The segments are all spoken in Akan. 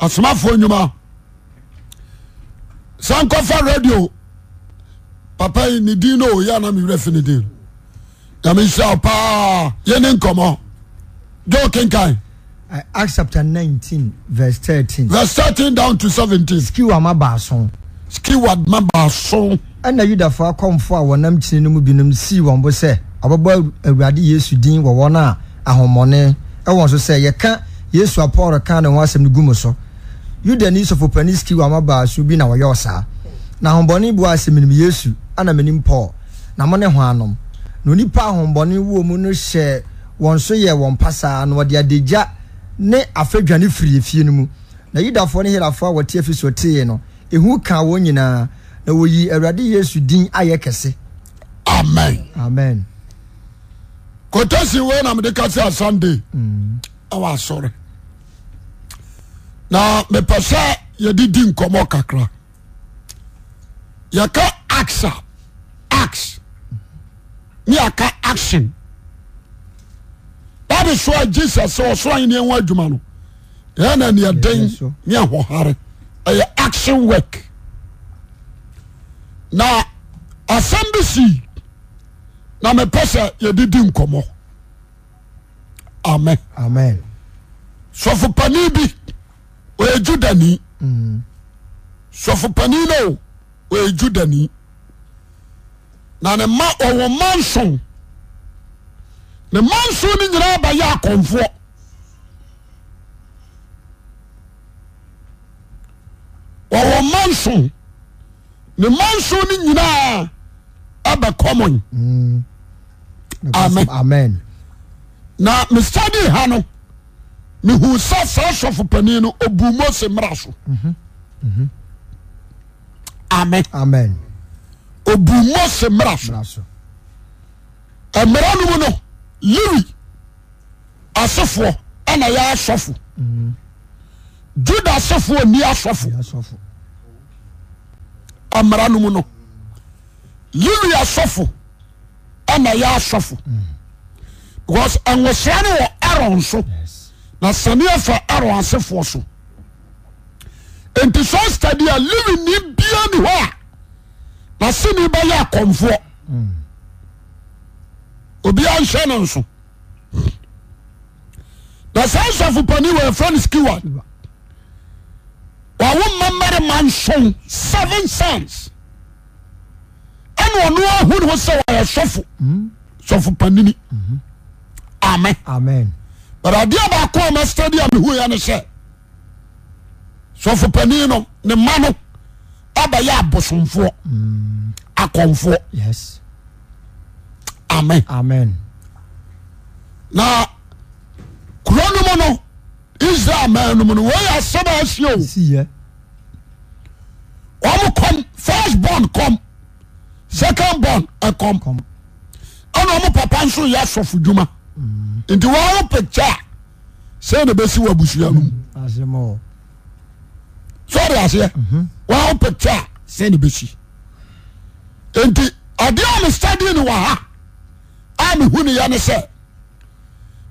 asomafoɔ nnwuma sɛ nkɔfa radio papa yi ne din no oyɛ ana mewerɛ fi ne din nyamehyira wo paa yɛne nkɔmmɔ jo kenkan Acts chapter nineteen verse thirteen verse thirteen down to seventeen. skiwa ma baaso skiwa ma baaso ɛna yudafoɔ akɔmfoɔ a wɔnam kyiri no mu binom sii wɔn bo sɛ ɔbɛbɔ awurade yesu din wɔ wɔn a ahomɔne ɛwɔ so sɛ yɛka yesu apɔɔre ka ne ho asɛm no gu mu so yudani sɔfopani skiw amabaaso bi na wɔyɛ ɔsaa na ahombɔne bua sɛ menim yesu ana menim paul na mo ne ho anom na onipa ahombɔne wɔ mu no hyɛ wɔn so yɛ wɔn pasaa na wɔde adagya ne afadwane firi efie no mu na yudafoɔ ne helafoɔ a wɔte afi so tee no ehu ka wɔn nyinaa na wɔyi awurade yesu din ayɛ kɛse amen amen kòtẹ́sì wo na mo de kasi asande ɛwɔ mm. asɔre na mepɛ sɛ yɛde di kakra yɛka axe, a ax ne action. action is why jesus sɛ adwuma no ni na neɛden action work na asɛm na mepɛ sɛ yɛde di nkɔmmɔ amen Amen. Sofu bi ɔɛdwu danii mm. sɔfopani no o ɔɛdwu danii na nɔwɔ ma nson ne ma nson no nyinaa abɛyɛ akɔmfoɔ ɔwɔ ma nson ne ma nson no nyinaa abɛkɔmɔn mm. ame na mesadii ha no mehu sasaa asɔfo pani no obumo se mmra so amen obumo se mmra so ɔmara nomu no liri asefoɔ ɛnɛyɛ asfo dwuda asofoɔ ni asfo mara no m no liri asɔfo ɛnɛyɛ asɔfo mm. because wɔseɛ no wɔ ɛro nso nasaneafa aroasefoɔ so enti su stadi a livinne biaa ni hɔ a nasene bɛyɛ akɔmfoɔ obiaa nhyɛ no nso na sɛne sɔfopanini wɔfranskuward wwo mma mmarema nson seven sauns ɛneɔno ahu ne ho sɛ wɔsɔfo mm. sɔfopanini mm-hmm. ame adeɛbaakoɔma stadiumehueiɛ no sɛ sɔfo panyi no ne ma no bayɛ abosomfoɔ mm. akɔmfoɔ ame na kuro nom no isral maanom no wɔyɛ asɛna asieo ɔmo kɔm first bɔn cɔm secon bon kɔm ɛna ɔmo papa nso yɛ sɔfo dwuma enti wɔa wo pikya a sɛn na bɛsi wɔ abusua no mu sɛre aseɛ wɔa wo pikaa san ne bɛsi nti adeɛ ɔme stady ne wa ha a mehu nuyɛ ne sɛ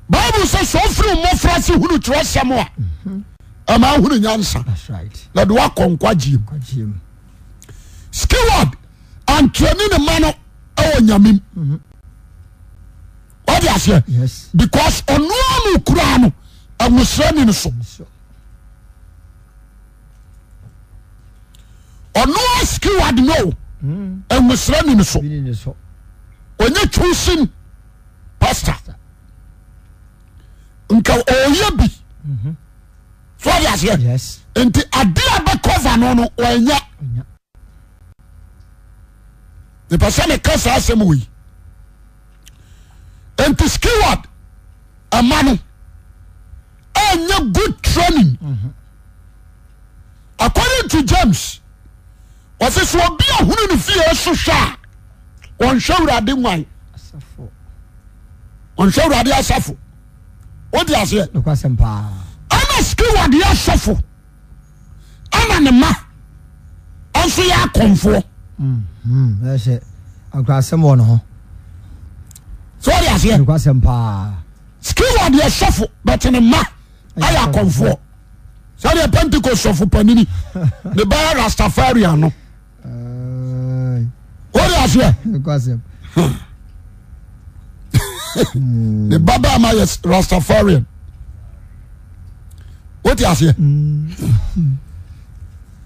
bible sɛ sɔ firimmɔfra ase hunukyerɛ sɛm a ɛmaa hunu nyansa na de waakɔ nkwa gyiam skilward antani ne ma no wɔ nyamim mhm. because ɔna mkra no osra minso ɔnoa skiward no osra minso nya chusin pasta n yɛ bi mm-hmm. sodeasɛ nti adiabɛkova no n yapɛsɛeka sasɛ nti skiward ama no anyɛ good training according to james ɔfi sɛ ɔbia hunu no fie so hwɛa ɔnhwɛwrde anhwɛwrdeasafo otasɛ ana skiward yɛasafo ana ne ma ɔnso yɛ akɔnfoɔsh mhm. so wọ́n di aseɛ. nípa sẹ́m paa. skillward yɛ sɔfo bɛtɛ ne ma ayɛ akɔnfoɔ sani pɛntiko sɔfo panini ne ba yɛ rastafari ano wọ́n di aseɛ. nípa sẹ́m. ne hmm. ba baa ma yɛ rastafarian o ti aseɛ hmm.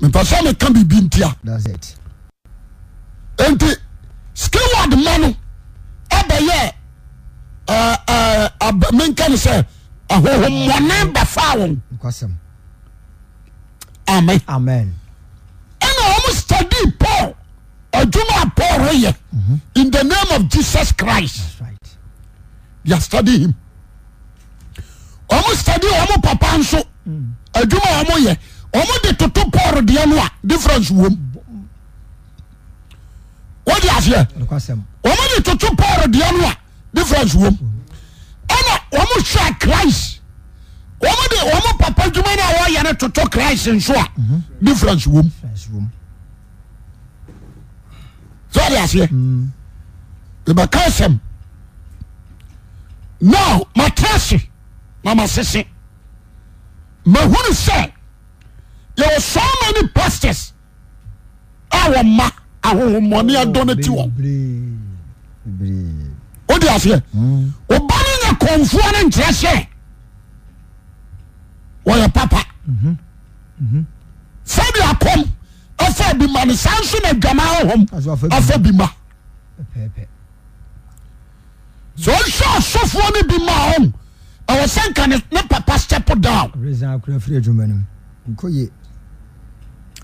mpɛsɛ mi ka bibi ntia nti skillward ma no ɛbɛyɛ. mnan sɛ ɔne bɛfa wɔ n ɔm sd paul adwumaaparyɛ mhm. in the name of jesus crist asdy hi msd papans dwyɛ ɔmde toto pardeoafrene eɛna ɔmo sa christ ɔmo de ɔ mo papa dwuma no a wɔyɛ ne toto christ nso a differense wom sɛde aseɛ bakasɛm no matrase na masese mahunu sɛ yɛwɔ somany pasters a wɔmma ahohommɔne adɔno ti wɔ seɛwɔba no nya kɔnfoɔ no nkyerɛ hyɛ wɔyɛ papa faduakom afa bi ma no saa nso na agama ahom afa bi ma sɛ ɔhwɛ asofoɔ no bi ma hom ɛwɔ sɛnka ne papa stepl down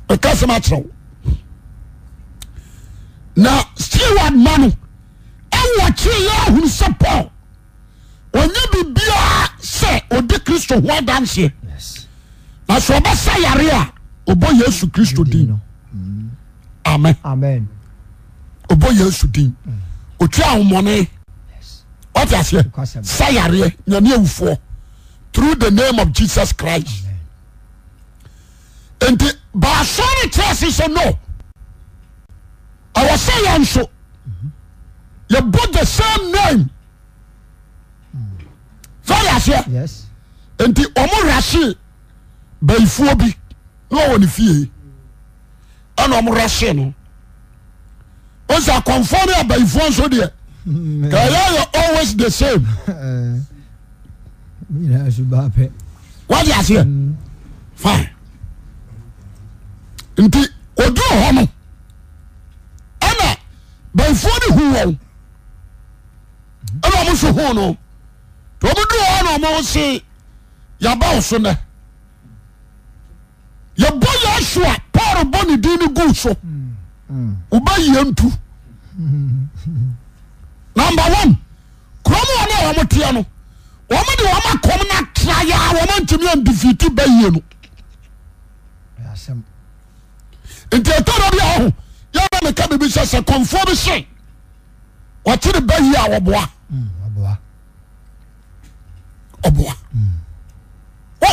ɛkasɛm akyerɛwo na stilward ma no ɔkyee yɛ ahuu sɛ pɔw ɔanyɛ birbiara sɛ ɔde kristo ho adanseɛ na so ɔbɛsa yareɛ a ɔbɔ yɛ su kristo n am bɔɛsnaɔɛaora of jsus crist nti baaso ne kyerɛse so nowɔ sɛ yɛnso You yɛbɔ the same name sɛyɛ aseɛ nti ɔmo rahyee bayifuo bi na ɔwɔ ne fie ɛna ɔmo rahyee no ɔsɛ akɔnfɔ ne abayifuo nso deɛ kɛyɛ yɛ always the same uh, wade aseɛ mm. fine ms yɛao son ybɔ yesua parbɔne dn baian nama o kurone ɔmoteɛ no ɔmede mkɔmnotraamankianfit baie n ntiɛeka biɛ sekonfo bi se kyere bayie aɔboa mm. ɔboa ɔboa hmm.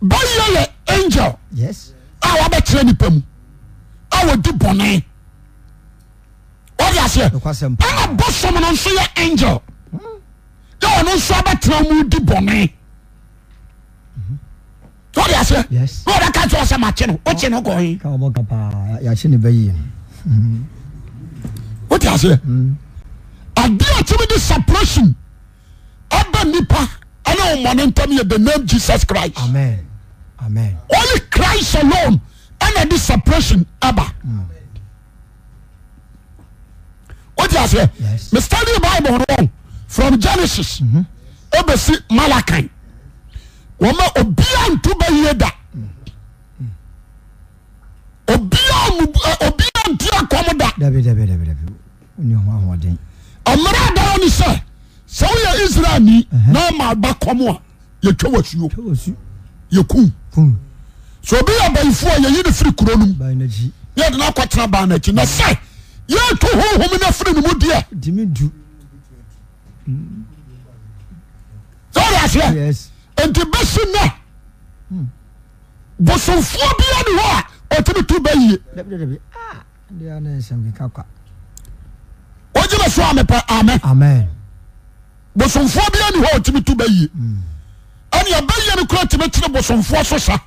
báyìí yɛ angel yes. a wabɛkyerɛ nipa mu a wòdi bɔnɛ wòdi aseɛ ɛna bosom no nso yɛ angel hmm. yɛ ɔno nso abɛtena mu di bɔnɛ hmm. wòdi aseɛ na ɔda ka kyerɛ ɔsɛ makye no ɔkye no kɔɛ. ká ɔbɔ kapa yàtí ni bɛyi yẹn. wòdi aseɛ adi a ti mi di separation. ebɛ nipa ane omane ntam yɛ the name jesus christ ol christ alone anade suppression aba ot mestady bible from genesis mm-hmm. obesi malakai oma obia ntu baye da ant akom dardans sɛ woyɛ israel ni namabakomo a yɛtwawa suo yeku so obi yɛ baifoa yeyine firi kuro nom bi dena kotera baanaki na sɛ yeto hohomu ne firi nomudie easɛ nti bise ne bosofoo bia neho a ɔtime to bɛye ogyemeso amame sofo anɔ ɛe nebɛe nkoaikyere bosofoɔ so sa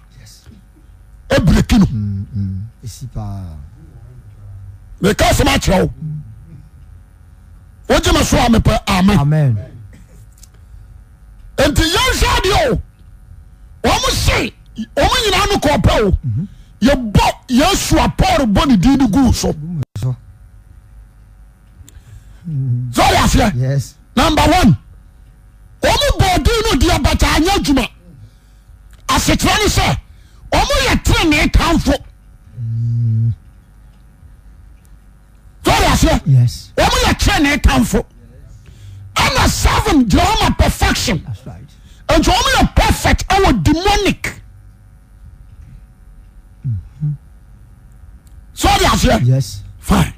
abrekin eka sɛm kyerɛ o wogyemaso aeɛ e ntiyensadeɛo ɔm se ɔmo nyina no kopɛo yɛɔ yasuaparebɔ ne dinn so sɛɛ number one wɔn bɔ ɔdun no di abata anya adwuma asetere ne sɛ wɔn yɛ tirinii kanfo tɔɔri aseɛ wɔn yɛ tirinii kanfo ɛna seven gyina wɔn ma perfection nti wɔn yɛ perfect ɛwɔ demonic tɔɔri aseɛ fine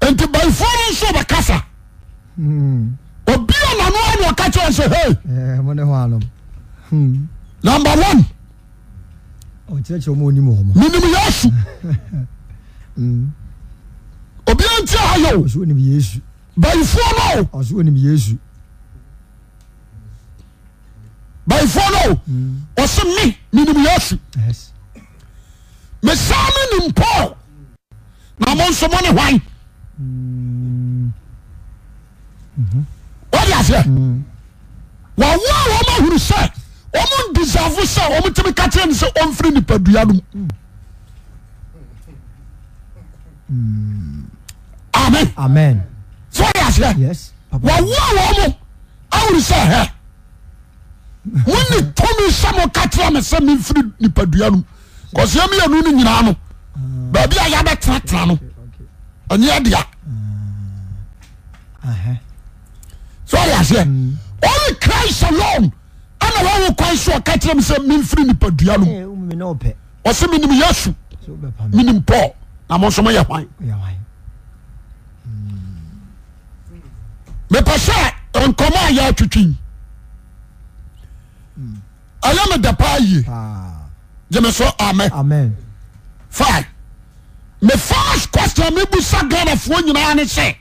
nti bɛyifoɔ nso bɛ kasa. obiananomɔka ksh n omen yes obintiy ba n ɔse me men yasu mesa menimpo na monso mone ha wode aseɛ mm. wɔwo a wɔ m ahunu sɛ ɔmombisafo sɛ ɔmtemikaeɛ mm. me sɛ ɔmfiri nipadua no m am sɛ wode aseɛ wwoa wɔ m awuru sɛ hɛ mone tomi sɛmoɔka terɛ amesɛ memfiri nipadua nom ksɛ myanu no nyinaa no mm. baabi ayɛbɛteata no ɛɛɛdea sɛ mm. on christ alone ana wɔwo kan sɛ ɔka kerɛm sɛ memfiri nipaduanom eh, ɔsɛ menim yasu meni pau namosomyɛ a mm. mepɛ sɛ nkɔma yɛ twitwi mm. ɛyɛ medapayi yemeso ame fa me fist question mebu sagandafoɔ nyinaa ne sɛ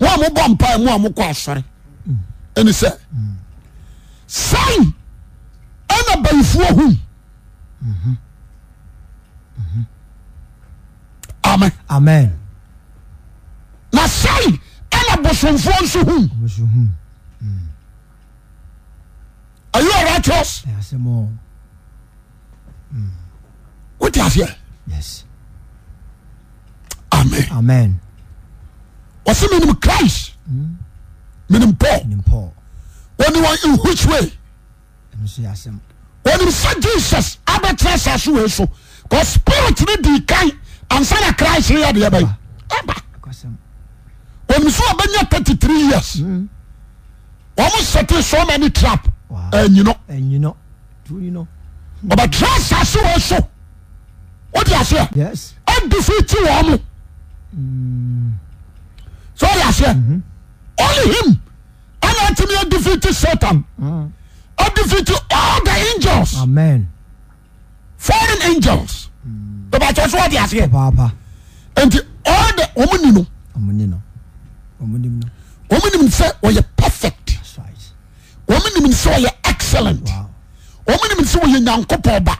wo a mobɔ mpaa mo amokɔ asere ɛni sɛ sɛi ɛna bayifuo hum am amen na sɛi ɛna bosomfoo nso hu ayio ritus woti aseɛy amen amen ɔso menim christ menim paul onen in which way onim sɛ jesus abeɛtra asa seei so a spirit ne di kan ansa na christ noyɛdeɛbɛ onim sɛ ɔbɛnya 33r years ɔ mosɛte somani trapayino ɔbɛtra sa see so wosɛ ɔd foti w m dasɛ ol mhm. him anateme adfit satan mm. adfit all the angels foreign angels bat se wdeaseɛ nt ɔmnin omnim sɛ ɔyɛ perfect ɔmenimn sɛ ɔyɛ excellent ɔmnimsɛ wɔyɛ nyankʋpɔ ba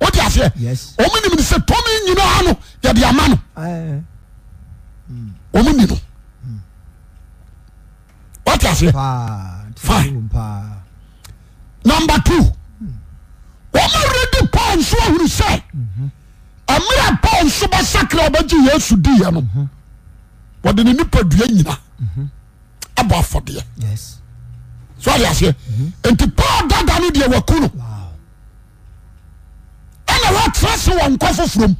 odsɛ mnim sɛ tomeino an yɛdemann wate aseɛ number tw wɔmawere de paul nso ahunu sɛ amera paul nso bɛsakra wɔbɛgye yɛasu diiɛ no wɔde ne nipadua nyina abɔ afɔdeɛ so ade aseɛ nti paul dada no deɛ waku no ɛna wɔtra se wɔ nkɔ foforom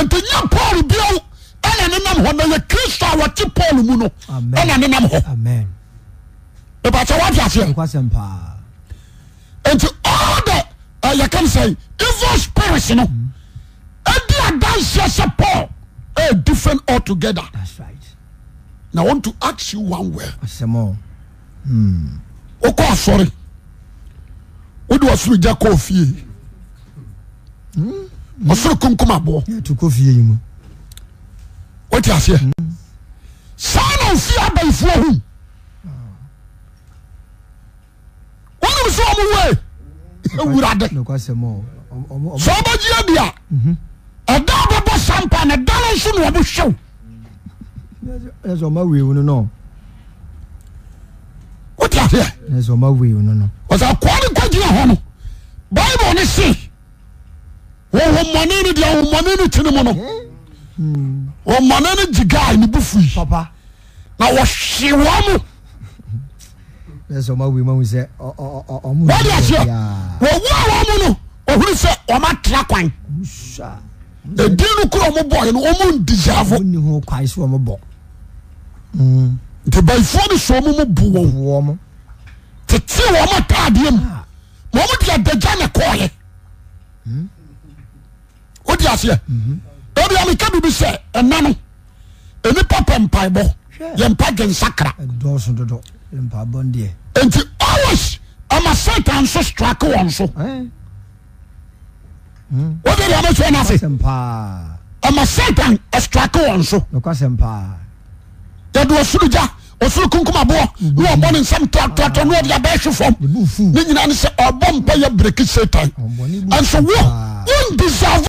nti yɛ paul bio nane namhɔ mɛyɛ kristo wɔte paul mu no ɛna ne nam hɔ ɛpɛ wodeafeɛ nti lde yɛkem sɛ evil spirit no mm-hmm. ɛdi adansɛ sɛ paul aɛ eh, different altogetheryoewokɔ hmm. asɔre wode wasorogya kɔɔ fiei ɔsorokoaboɔ hmm? wote aseɛ saa na ofie abayifoɔ hu wonim sɛ ɔmo we awurade sɛ wobɛgyea bi a ɛda bɛbɔ sampa na da no nso na ɔmo hwew wote aseɛ ɔsɛ kɔɔ ne kɔgyina hɔ no bible ne se wɔhomɔne no deɛ ɔhomɔne no tene mu no ɔmane no gyi gai ne bo fui na wɔhye wɔ muwode aseɛ wɔwu a wɔ mu no ɔhuru sɛ ɔmatra kwan ɛdin no koro ɔmobɔɛ no ɔmu ndisaafo nti baifoɔ no sɛ ɔmu mu bu wɔn tete wɔn ataadeɛ mu ma ɔmu de adagya ne kɔɔyɛ wode aseɛ ameka birbi sɛ ɛna no ɛnipɔpɛ mpaebɔ yɛmpa adwensakra nti always ama satan so hmm? stake wɔ so odedeamati nose ɔma satan stake wɔ so yɛdo sorogya ɔsoro konkumaboɔ mhm. na ɔbɔne nsɛm tat no dabɛɛhwe fam ne nyina ne sɛ ɔbɔ mpa yɛ breki satan ɛnso woodsv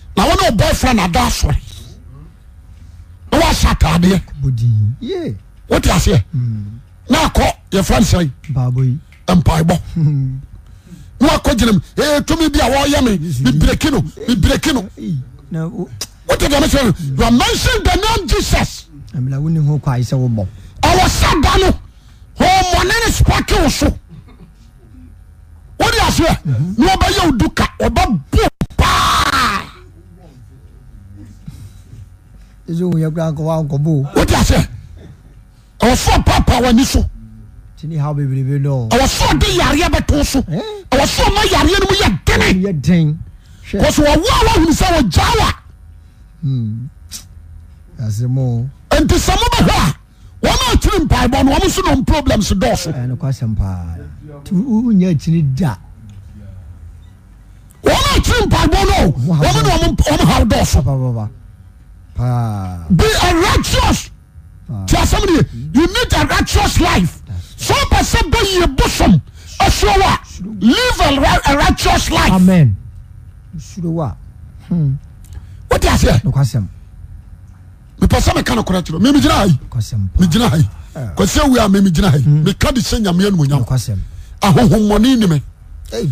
wone ɔbɔ fra na ada sɔre na waasa tadeɛ wot aseɛ nekɔ yɛfrans p k gi biwyɛeasn e nam jesus wɔsa da no ne ne spakeo so oɛɛɛka wso papa ani sosde yara tso a aram ano saa nt samo h nakyere pabno mso norobles dsoakin da nakyere pbnom s Ah. be a righteous ah. ti asem ni you need a righteous life Some person bɛ yie bosom esuowa live a righteous life amen esuowa o ti ase yɛ mipasɛ mi ka na kora kyerɛ mi mi gyina ha yi mi hmm. gyina ha yi kwasi ewu a mi mi gyina ha yi mi ka di se nyamea numu nyam ahohomɔni ni mi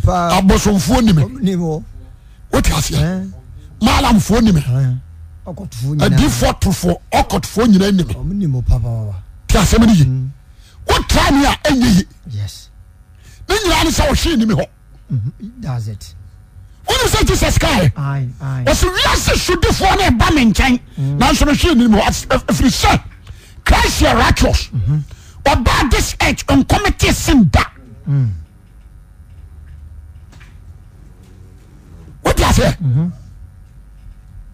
abosomfuo ni mi o ti ase yɛ maalamfuo ni mi. adif tofoɔ ɔktfoɔ yina ni ti asɛm no ye mm. wotane a ɛyɛyi ne nyina n sɛ wɔhwɛ nnimi hɔ on sɛɛti seskaɛ ɔswiase sodifoɔ ne ɛba me nkyɛn mm. nansono hwɛnnhɔ ɛfiri sɛ chrisɛ ratus mm-hmm. ɔba disedg nkɔmɛti sendawoas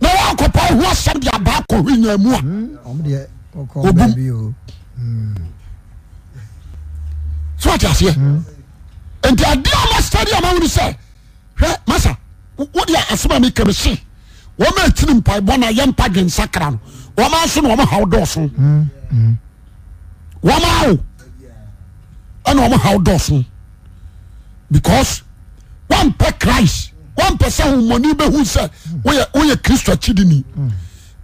wnkp hosɛm de abaakɔ enyamu a hmm, hmm. so wtaseɛ hmm. nti ademastadi amawone sɛ hwɛ masa wode asom a mekamisye wɔmaatini mpaibɔn yɛmpa dwensa kra no ɔmasona ɔmhawdɔso mawo na ɔm haw dɔson because wampɛ crist wampɛ sɛ homɔni bɛhu sɛ woyɛ kristo akyidini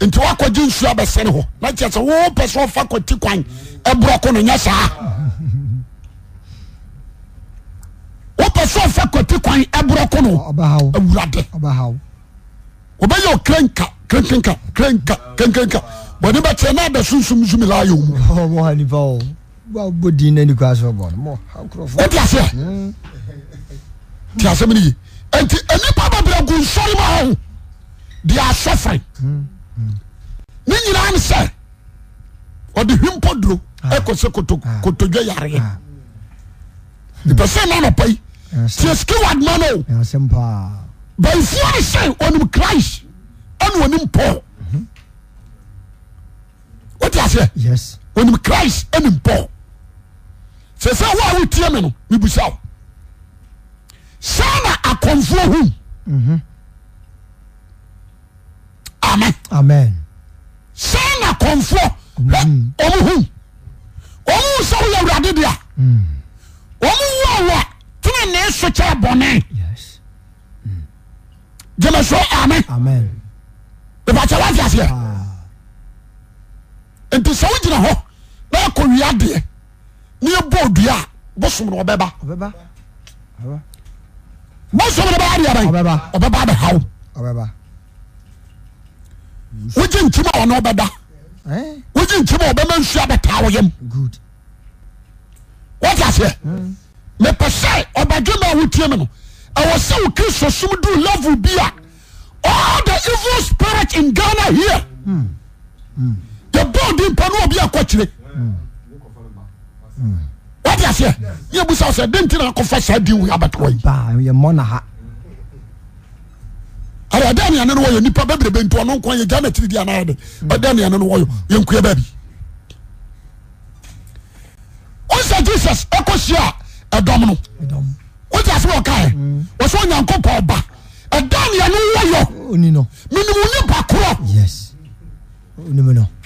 nti woakɔgye nsuo abɛsɛne hɔ na kyɛ sɛ wopɛ sɛ ɔfa kɔti kwan ɛborɔko no nyɛ saa wopɛ sɛ ɔfa kɔti kwan ɛborɔko no e awurade wobɛyɛ ɔkranka krankenka kranka krankenka wɔne bɛkyerɛ na abɛsunsumsumi laayɛ mu wode aseɛ nti asɛm no ye ant anipabapraku nsore ma ha deasefere ne yina n sɛ ɔde hempo duro ekosɛ ah. kotoda ah. yariye dipesenna ah. nopai tia skiwardmano basian se onim christ anuanimpo wetiasɛ onim christ animpo sɛ sɛ waawotie meno mibusao sana akɔmfoo hu a sana akɔnfo mm-hmm. omohu omohu sɛ woyɛ wurade de a mm. omuwuawa tumenesokyɛbɔne mm. gyemaso ame ebaka wafiafiɛ ah. nti sɛ wogyina hɔ na akɔ wiadeɛ ne ɛbɔɔ dua a bosomno ɔbɛba mosomno bɛabiaba ɔbɛba bɛhaw wogye nkyima awone obɛda woye nkyim wɔbɛmansuabɛtaa woyam wotasɛ mepɛ sɛ ɔbadwema a wotia mu no ɛwɔ sɛ wo kristosom dou lovee bi a all the evil spirit in ghana here yɛba dempa no abi akɔkyerɛ wọ́n di aseɛ ní ebu sa ọsẹ dèntì náà kọfà sáà di wù abatoɔ yi. baa yɛ mɔ na ha. ayi adan ni anu wɔyɔ nipa bɛbiri bɛ ntu ɔno nkwan yɛ gya n'akyiri di anayɛ de adan ni anu wɔyɔ yɛ nkue baabi. o sɛ Jesus ɛkɔ si a ɛdɔm no o ti ase wɔ kaa yɛ o sɛ ɔnyanko pa ɔba adan ni anu wɔyɔ minimu nipa korɔ. yes.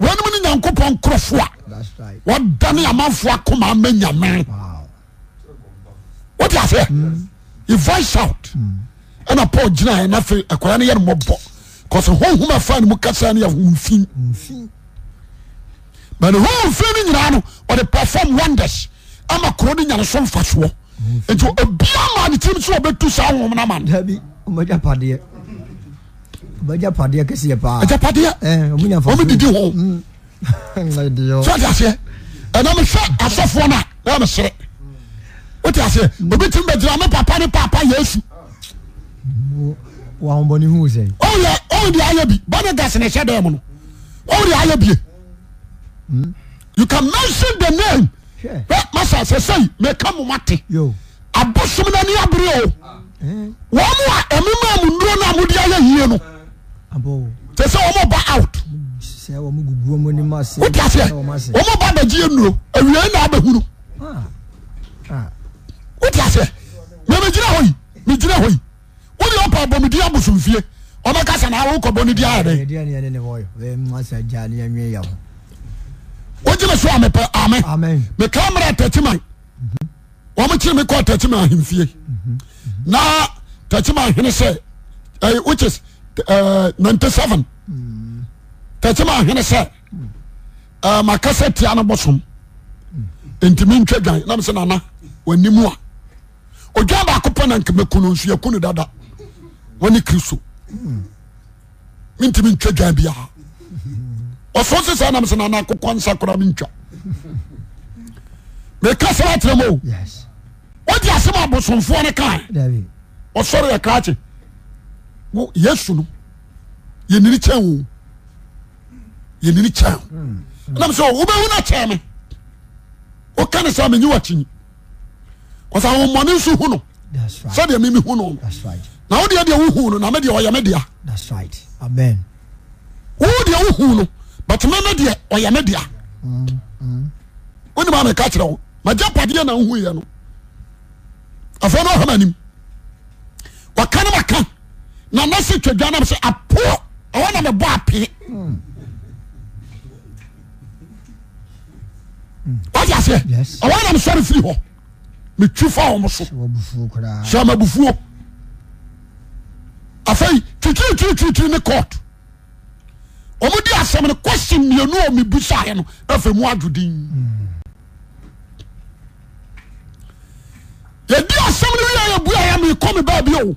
wnom no nyankopɔn korɔfoa dane amanfoɔ koma manyamer wateas hmm. voice out hmm. ɛna pa gyinanfei kaa no yɛnoɔb casfanm asa nhomf hfin no yinan de perform onders ma kurne nyaneso mfasoɔ nt biamad tim so bɛt sa omnomano bẹjá padeɛ kẹsí yẹ paa ẹjá padeɛ ɔmu didi hɔ sọ ti aseɛ ɛnam sɛ asɔfoɔ na ɛyà sere o ti aseɛ mm. obi ti n bɛ gyina mi papa ni papa yɛsu. wà á bọ ní hu sẹ. ɔn yɛ ɔn de ayɛ bi bani gasi ni ɛhyɛ dɛ mu no ɔn de ayɛ bi mm. you can mention the name bɛ masa sɛsɛyi mɛ ka mu ma ti abosom na ni abiri o eh? wɔn mu a ɛmi maa mu nuro na mu di ayɛ yie no. Yeah te sɛ wɔn ba out wote aseɛ wɔn ba abɛgye enuo awia na abɛhunu wote aseɛ mɛ mɛ gyina hɔ yi mɛ gyina hɔ yi wodi ɔpa abɔmudi abosomfie ɔbɛ kasa na awo kɔbɔ ne di ayɛ dɛ wogyina so amepɛ amɛ meka mmerɛ tɛtima wɔn kyerɛ mi kɔ tɛtima ahemfie na tɛtima ahene sɛ ɛyɛ which is. nnetseven te kima hene sɛ makasɛ tia no bosom nti me twa wan nsnn nimua a bako pankesak dada wene kristo mentimetwa an bia sosesnnkokonskramtwa meka sematram odiasemabosomfone ka srekrake yesu no yɛnini kɛn yɛnin kyɛna hmm. sɛ wobɛhunokyɛm wokan sɛ ah, mkinsɛdddbud yɛmdeonmkakɛaaaɛnɛ na na se twadwa nam sɛ apo ɛwɔ na mebɔ apee wate aseɛ ɛwɔ na mesɔre firi hɔ metwi fa wɔm so sɛ mabufuo afei twitwiritwiritwiri ne court ɔmode asɛm no question mmienu a mebu saeɛ no afei mu adwo din yɛdi asɛm no wie a yɛbua yɛ meekɔ me baabio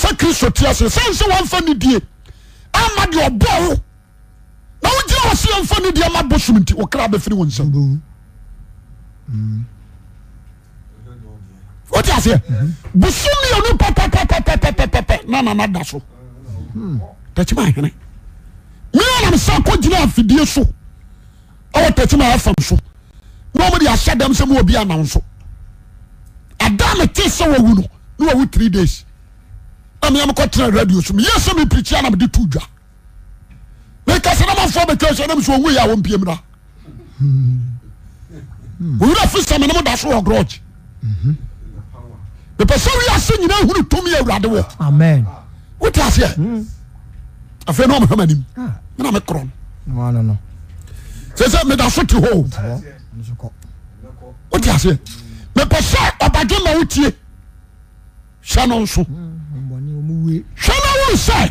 sɛ kristo te ase sɛn sɛ wɔmfa no die ama deɛ ɔbɔ wo na wogyina wɔ sɛ yɛmfa no die ama bosom nti wo kra bɛfiri wo nsɛm wote aseɛ bosom mmienu pɛpɛpɛpɛpɛpɛpɛ na nana da so takyima ahene meanam sɛ kɔgyina afidie so ɛwɔ takyima afam so na ɔmode ahyɛ dɛm sɛ mu obi anam so ada ne te sɛ wawu no na wawu three days mmoaradio o meyesemeprinamede toa mekese fisemndasesɛwse yinhutrde sse medaso ese aaote senso hwɛne wo sɛ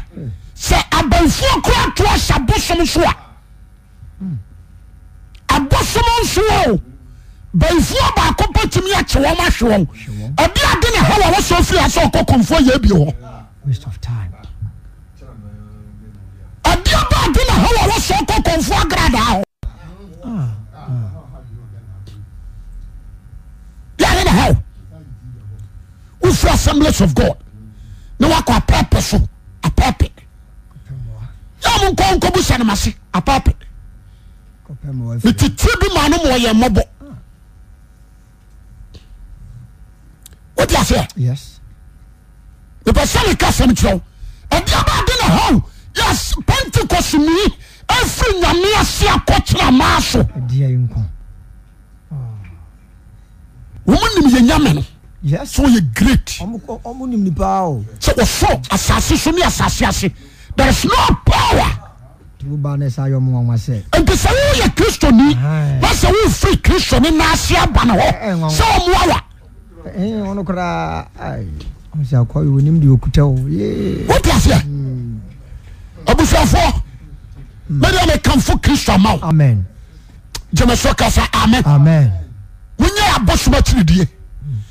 sɛ abamsia kora toa hɛ abosom so a abosom nsoo bamsia baakopatimiyɛkye wɔmahwe wɔn iaden hawwos frisfoɛbhɔ ibaden hawos fogradahɔɛen hfr aseblancef ne wakɔ apepe so apape yam nknkobu sa nimase apapemetetie bi ma nomoɔyɛ mmɔbɔ wodiaseya epɛ sani kasam tyerɛwo ɛdiabadena ha ya pentecos mi afri nyamea siakɔkyera maso womu nim yɛnya me no owoyɛ gretsɛ wɔs asase so me asase ase pw nt sɛ woyɛ kristoni masɛ wofri kristo no oh, oh, nase aba no hɔ sɛ omoawawoaseɛ abusafoɔ mɛde amekamfo kristo ama gyamaso kasa mn yeabo somakyeridie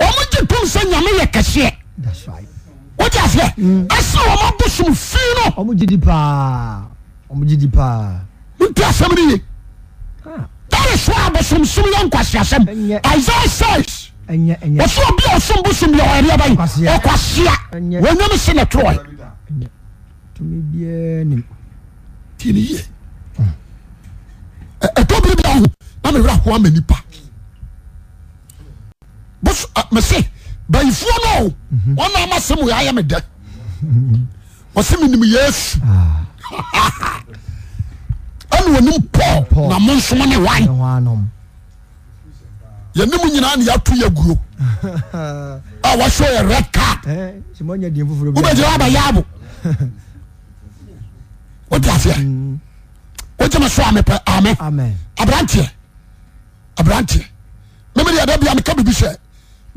ɔmogye tom sɛ nyame yɛ kɛseɛ woyasɛ ase ɔmabo som finompiasɛm nye da soa bososom yɛnkwasea sɛm is bisoooa kwasea ɔwomse ne t Ah, mesi baifuo no anamasi moyaya me de wasemenim yesi ane wonim po na monsomo ne an yenimu yina ne yato ya go awasoye red cardwobeyi obayabo dafia jemesoame artrante memeeadabamkabs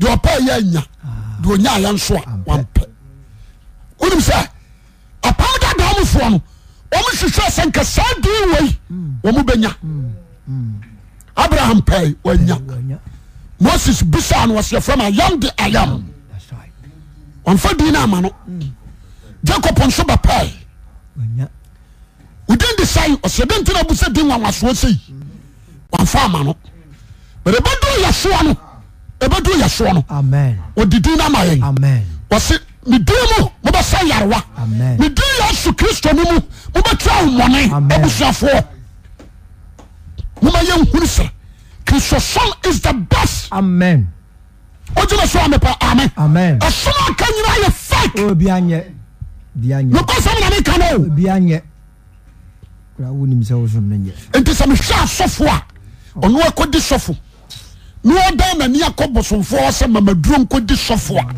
pɛyɛyaenyayɛsoa pɛɛewɛa ya abraam pɛ ya moses busa no sifaaya de aya amfa dnomao ap oa ɛyɛ sono ode no ma s medu mu mobɛsɛ yarewamedu yesu kristo nomu mobɛtua awo mɔne musuafoɔ momayɛ hunu sɛ kriso son is the best ogyina so am asomaka yenayɛ fiko sɛmnamekannti sɛ mehwɛ sofo a ɔnkɔde sofo ɔda naniakɔ bosomfoɔ ah. ɔ sɛ mamaduro nkɔdi sɔfoawɛda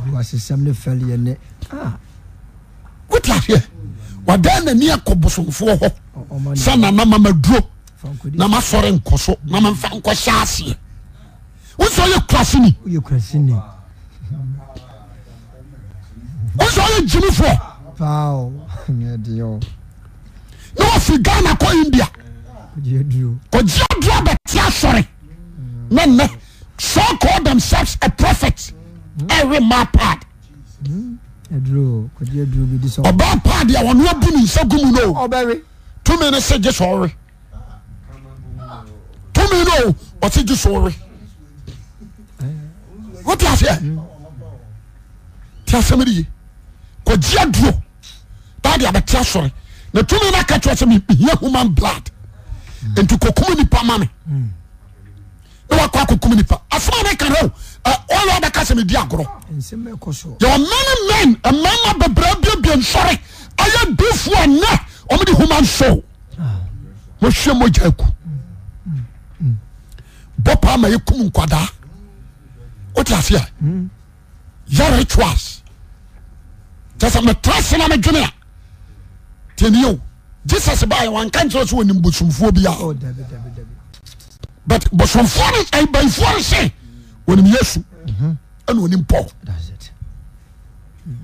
naniakɔ bsomfoɔ hɔ sɛ nana mamadurna masɔre nkɔ so namafa nkɔhyɛ aseɛ os ɔyɛ krasen os ɔyɛ gyimfoɔ fighanakɔibia kiaduo abɛtea sɔre ɛ sa call themselves a prohet rema padba padeawɔnoa bune sa gumu noo tumi no segye soore tumi n ɔsegye soorewos tiasɛmi reye kogyea duro dade abɛtea sore na tumi no aka keɛse mihia human blood ntikokum nipa mame hmm. kakase mediagro aem ara nsore ay fn mee haso mmojak bopama eku nkda otefi yareta metrasena mejenea tne jesus bankaton bosofobi bosomfbaimfuɔn se ɔnimyasu nnpɔ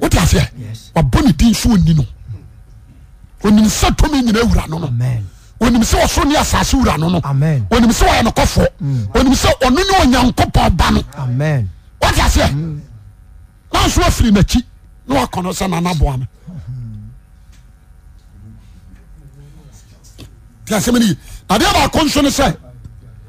wote aseɛ wabɔne dinsɛ ɔni no n sɛ tyina wuranon nsɛ ɔsone sae rnnsɛ yɛnoɔfoɔnsɛ ɔnn yankopɔanɛaaf nai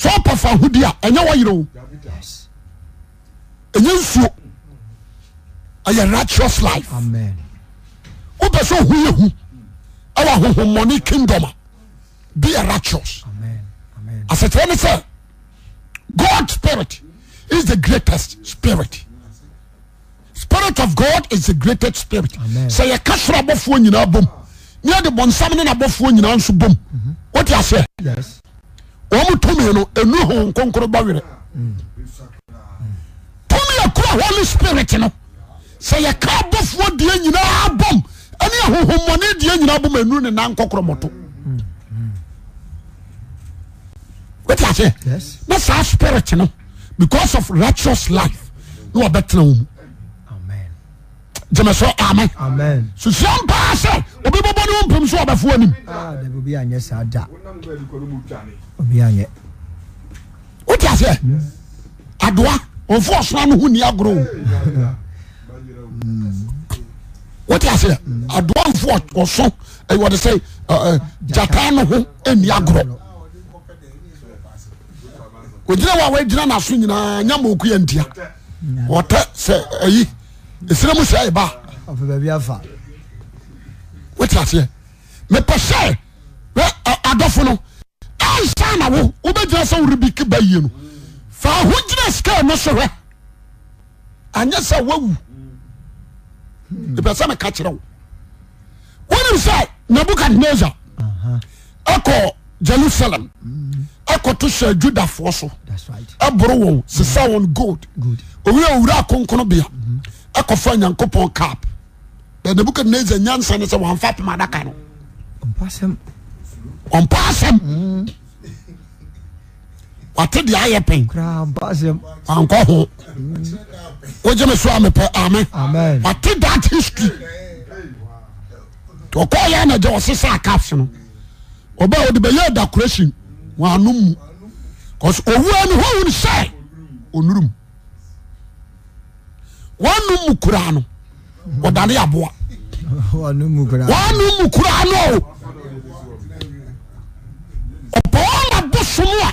sɛ ɔpɛfa hodi a ɛnyɛ wɔyerɛ o ɛnyɛ nsuo ɛyɛ natural life wopɛ sɛ ohu yɛ hu ɛwɔ ahohommɔne kingdom a be a righteous asɛkyerɛ ne sɛ god spirit is the greatest spirit spirit of god is the greatest spirit sɛ yɛka soro abɔfoɔ nyinaa bom ne yɛde bɔnsam ne nabɔfoɔ nyinaa nso bom mm-hmm. wote aseɛ nuone tiyakura hone spirit no sɛ yɛka bofoɔ deɛ yina bom nehohone de yina bo anu ne nakɔrɔetiay ne saa spirit no because of rihtous life ne bɛtea ou ems am susua mpaa sɛ obe bɔbɔne opo so bɛfoɔ ani obianyɛ wote aseɛ adoa ɔmfo ɔsona no ho nni agorɔ o wote aseɛ adoa mfo ɔso wɔde sɛ gyata no ho nni agorɔ ogyina wa wagyina naso nyinaa nya ma okuya ntia wɔtɛ sɛ ayi ɛsire o sɛ ɛba wote aseɛ mepɛ sɛ adɔfo no aogyina sal osyɛ sɛ wawu epɛ sɛmeka kyerɛo wonem sɛ nabukadnaser kɔ jerusalem kɔ to sɛ judafoɔ so boro wo mm-hmm. sesa won god wwrkonbiakɔfa mm-hmm. anyankopɔn cap nabukadnasar yasa sɛ wmfapdaka no ɔmpasɛm atedeyɛ p nho wogyema sopɛ ate that histry ɔkyɛnagya ɔsesɛkase no ɔode bɛyɛda krasin anomu ɔwua nu hoin sɛ ɔnurum no mu kra no ɔdane aboano mukra no ɔpɛnabo somoa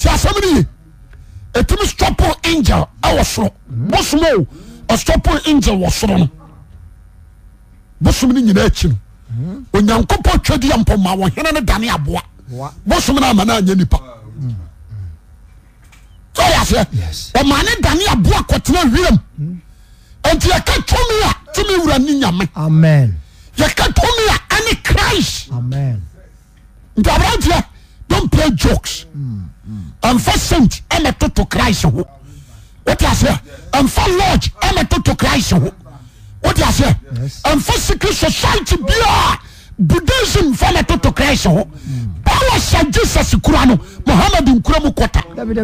tasɛmineye timi stopo angel w soro bosomstopo angel wo sorono bosom no yinakin onyankopɔn taduampma erno daneaboa bosom nmaneyenipa s mane daneaboa kotena ram nti yɛka tma timewr niyame yka toma ane cris ntabratɛ donpra joks mm. mfa sent nɛ tʋto christ hooɛ mfalodg nɛcisthoo mfasirisosiet biaa budism fnɛ crisho ɛɛsɛ jesus kra no mohamad nkra mufanamakeɛn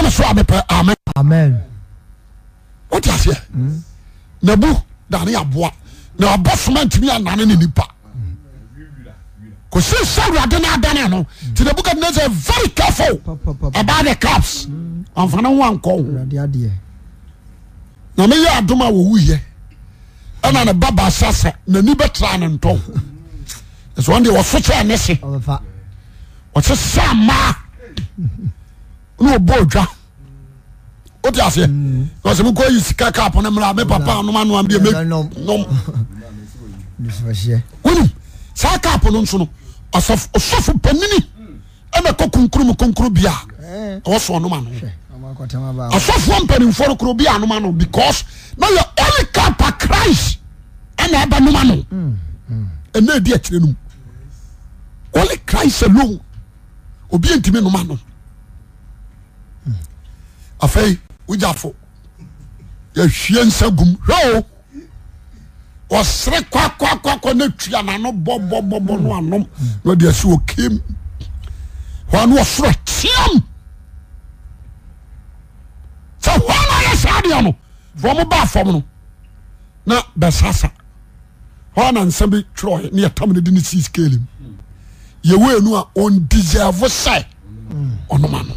ɛaas ogyemesomɛan otas nabu daneaboa nabɔ soma ntimiananene nipa ɛɛnaaver carefl ae caps fanwank nameyɛ adom awowue ɛnan babasase naniatrane ntɔd ɔsokɛ nes sɛmabɔda otas smkisika ape papannn sa kapno so sofo panini meko konkromkonkro bi wsonomn asofoa mpaniforo binmno because e ol kape crist neba nomano nediatire n ol cris alo obitimi nomnofe woafo ahie nsa gum hwɛ ɔsere kaka notwanannndesɛɔm ha na ɔsoro kiam sɛ hɔ a na yɛ saa deɛ no fa ɔmobaafɔm no na bɛsasa hɔ a nansa bi twɛ na yɛtamno di ne si skali m yɛweanu a ɔndisevo sɛ ɔnomano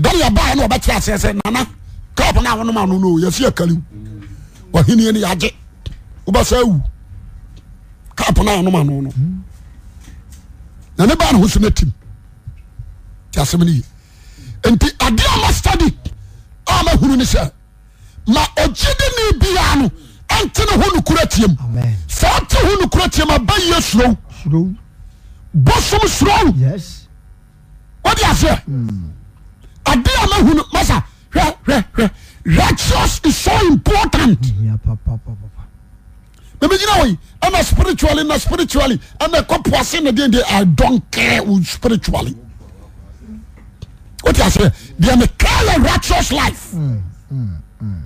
ten yɛba no ɔbɛkye aseɛ sɛ nana kapɔno wonomano nyase yakaim ahenin yaye wobɛsa wu kapon nomanono ane ba n hosonoti snti adeɛ ma stady ama hunu no hɛ ma ɔgyedenebia no nteno ho nokura atiam saa te ho nokuraatiamabɛye suro bosom suro wode ase ade a mahunu masa hwɛ hwɛ hwɛ righteous is so important mɛmɛgyina wɔyi ɛna spiritually na spiritually ɛna ɛkɔ poase na deɛ deɛ I don't care with spiritually wote aseɛ deɛ me kaa yɛ righteous life gyama hmm, hmm,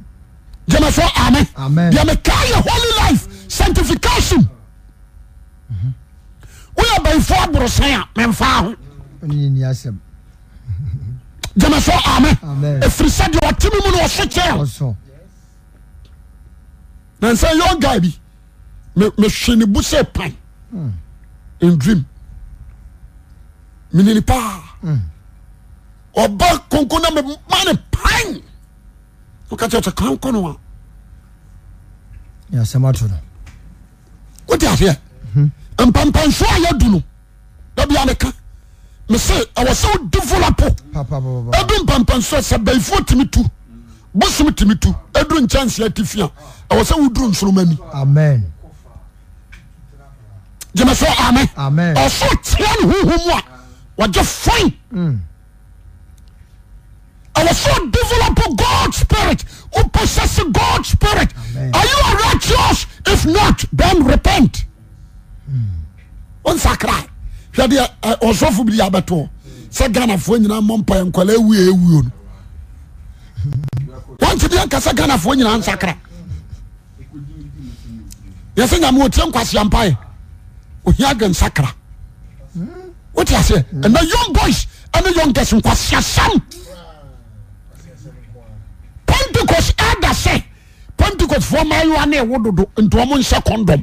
hmm. so amen deɛ me kaa yɛ holy life sanctification woyɛ bɛyifoɔ aborosan a memfaa ho game so ame firi se de otimi mu n osekye nansa yo ga bi mesene buse pai hmm. indrem mineni paa oba hmm. konkon na memane pai ktkankoa oteate hmm. mpapan so aya duno abianeka mese ɛwɔ sɛ wo developo ɛdu mpampanso sɛ baifoɔ tumi tu bosom tumi tu ɛduru nkyɛnsee atifi a ɛwɔ sɛ woduru nsoroma ni amen gyeme so amen ɔso tia ne honhom a wɔgye fain ɛwɔ mm. sɛ developo god spirit wopossess god spirit are you a righteous if not then repent wonsakra mm. sf bibɛtsɛ nafo yinantkasɛ nfo yinasara s nyatenkwasiapa nsakra wt n yon boys nnsnkwasiasam pentecs adase pentcsf mayanewoddo ntom nsɛ kondom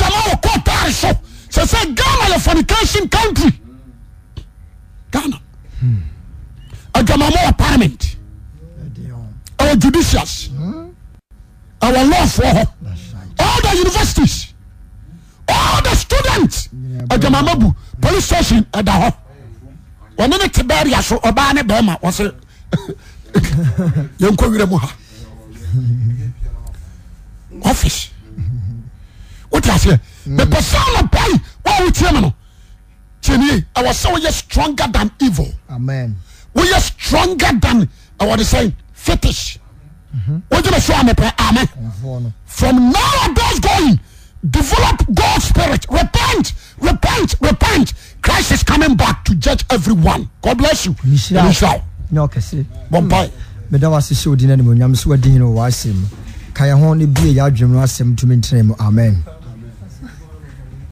ssɛgan lefornication country g agamama partment w judicials w laffo h all the universities all the students agamama bu police station ada hɔ ɔne ne tiberia so ɔbaa ne bama s yɛnkwirmhoffice ɛsanpowamuno ti ɛwɔsɛwoyɛ strnger than evil oyɛ strnger thanwsɛ fitish ogn fons goin devlp gd spirit rerepent cris is comin back to jdg evyone g bsu medawasehyɛ odinnimnym sɛ wadihnwɔs mu kayɛ ho ne bia yɛ adwm no asɛm tumi ntr mu amen